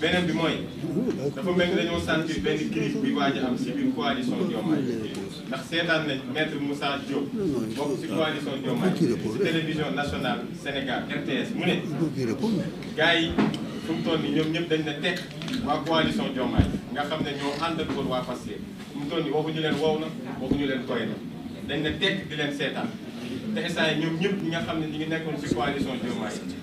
beneen bi mooy dafa mel ni dañoo sentir benn crise bi waaj a am si biir coalition Diomaye ndax seetaan nañ maître Moussa Diop bokk si coalition Diomaye si télévision nationale Sénégal RTS mu ne gars yi fu mu toll nii ñoom ñëpp dañ na tekk waa coalition Diomaye nga xam ne ñoo àndankoon waa Pastef fu mu toll nii waxuñu leen wow na waxuñu leen koy na dañ na tekk di leen seetaan te instant yi ñoom ñëpp ñi nga xam ne ñi ngi nekkoon si coalition Diomaye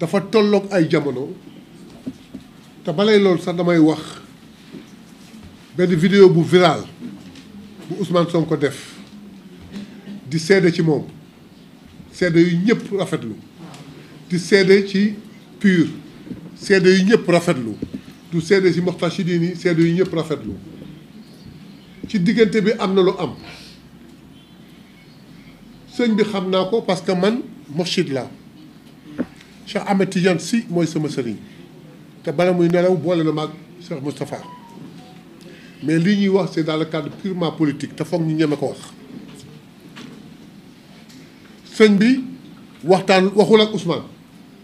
dafa tolloog ay jamono te balay loolu sax damay wax benn vidéo bu viral bu Ousmane ko def di seede ci moom sedd yu ñëpp rafetlu di sedd ci pur sedd yu ñëpp rafetlu du seede ci Moxtachidine seede yu ñëpp rafetlu ci diggante bi am na lu am sëñ bi xam naa ko parce que man mochid la Cheikh Ahmed Tidiane Sy mooy sama sëriñ te bala muy nelaw boole na maag Cheikh Moustapha mais lii ñuy wax c'est dans le cadre purement politique te foog ñu ñeme ko wax. sëñ bi waxtaan waxul ak Ousmane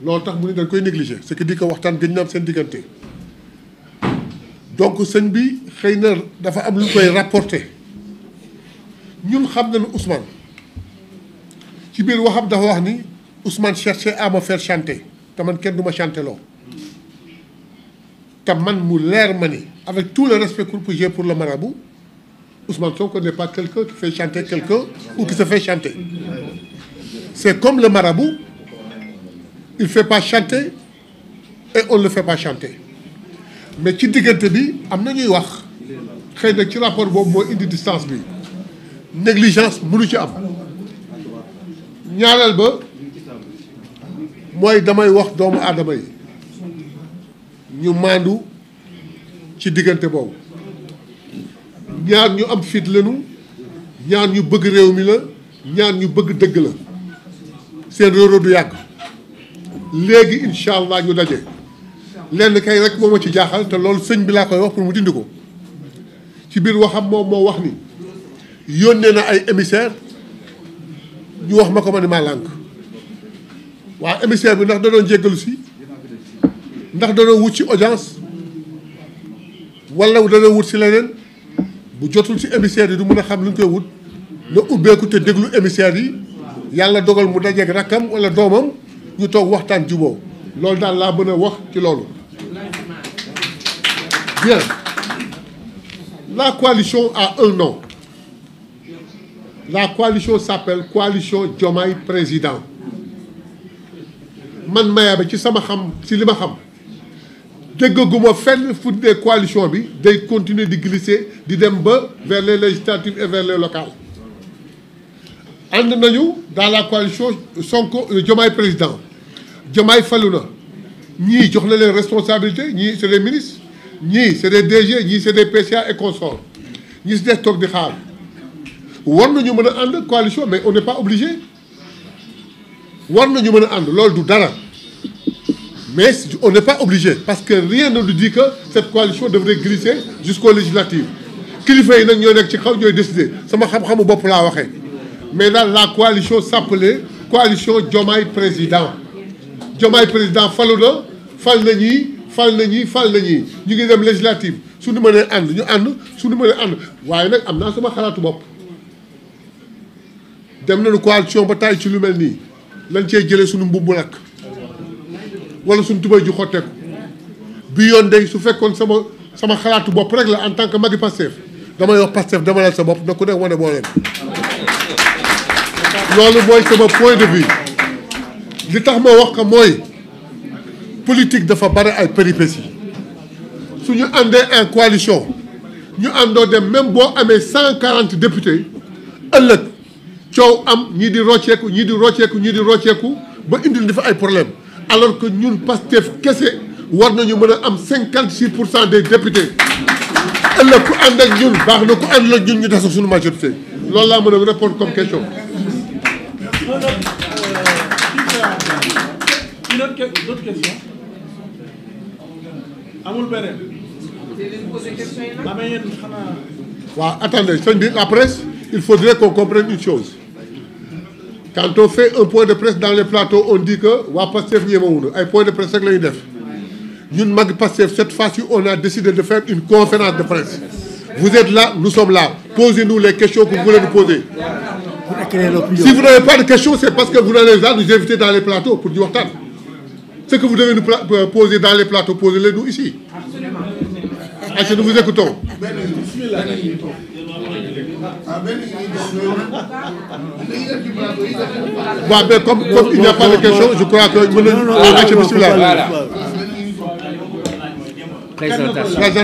loolu tax mu ne dañ koy négliger ce qui dit que waxtaan gëj na seen diggante donc sëñ bi xëy na dafa am lu koy rapporter ñun xam nañu Ousmane ci biir waxam dafa wax ni. Ousmane cherchait à me faire chanter te man kenn du ma chanter man mu leer ma ni avec tout le respect que j'ai pour le marabout Ousmane ko n'est pas quelqu'un qui fait chanter quelqu'un ou qui se fait chanter c'est comme le marabu il fait pas chanter et on le fait pas chanter mais ci diggante bi am na ñuy wax xëy na ci rapport boobu moo indi distance bi négligence mënu ci am ñaareel ba. mooy damay wax doomu aadama yi ñu màndu ci diggante boobu ñaar ñu am fit lenu ñaar ñu bëgg réew mi la ñaar ñu bëgg dëgg la seen réeróo du yàgg léegi incha allah ñu daje lenn kay rek moo ma ci jaaxal te lool sëñ bi laa koy wax pour mu dindi ko ci biir waxam moom moo wax ni yónnee na ay émissaire ñu wax ma ko ma ne maa lànk waa émissaire bi ndax da doon jéggalu si ndax da wut ci audience walla da wut si leneen bu jotul ci émissaire yi du mun a xam lu ñu koy wut na ubbeeku te déglu émissaire yi yàlla dogal mu dajeeg rakkam wala doomam ñu toog waxtaan juboo loolu daal laa mën a wax ci loolu bien la coalition a un nom la coalition s'appelle coalition Diomaye Président man Mayaba ci sama xam ci li ma xam déggaguma fenn fu ne coalition bi day continuer di glisser di dem ba vers les législatives et vers les locales ànd nañu dans la coalition Sonko euh, Diomaye président Diomaye falu na ñii jox na leen responsabilité ñii c'est des ministres ñii c'est des DG ñii c'est des PCA et consorts ñi si des toog di xaar war nañu mën a ànd coalition mais on n'est pas obligé war nañu mën a ànd loolu du dara mais on n'est pas obligé parce que rien ne nous dit que cette coalition devrait glisser jusqu'aux législatives kilifa yi nag ñoo nekk ci kaw ñooy décider sama xam-xamu bopp laa waxee mais daal laa coalition s'appelait coalition Diomaye président Diomaye président falu na fal na ñii fal na ñii fal na ñii ñu ngi dem législative su nu mënee ànd ñu ànd su nu mënee ànd waaye nag am naa sama xalaatu bopp dem nañu coalition ba tàyyi ci lu mel nii lañ cee jëlee suñu mbubb lakk wala suñu tubay ju xotteeku bi yoon de su fekkoon sama sama xalaatu bopp rek la en tant que magi Pastef damay wax Pastef dama lal sa bopp na ku ne wane boo leen loolu mooy sama point de vue li tax ma wax ko mooy politique dafa bare ay péripéties su ñu àndee en coalition ñu àndoo dem même boo amee cent quarante députés ëllëg coow am ñii di rocceeku ñii di rocceeku ñii di rocceeku ba indil dafa ay problème alors que ñun Pastef kese war nañu mën a am cinquante six pour cent des députés ëllëg ku ànd ak ñun baax na ku ànd ak ñun ñu des ak suñu majorité loolu laa mën a répondre comme question. amul beneen. waaw attendez sëñ après il faudrait qu'on comprenne une chose quand on fait un point de presse dans les plateaux on dit que waa Pastef ñemewuñu ay point de presse rek la ñuy def ñun mag cette fois-ci on a décidé de faire une conférence de presse vous êtes là nous sommes là posez-nous les questions que vous voulez nous poser si vous n'avez pas de questions c'est parce que vous n'allez pas nous inviter dans les plateaux pour ñu waxtaan ce que vous devez nous euh, poser dans les plateaux posez-les nous ici waaw mais comme comme il n'y a pas de question je crois que mën nañu.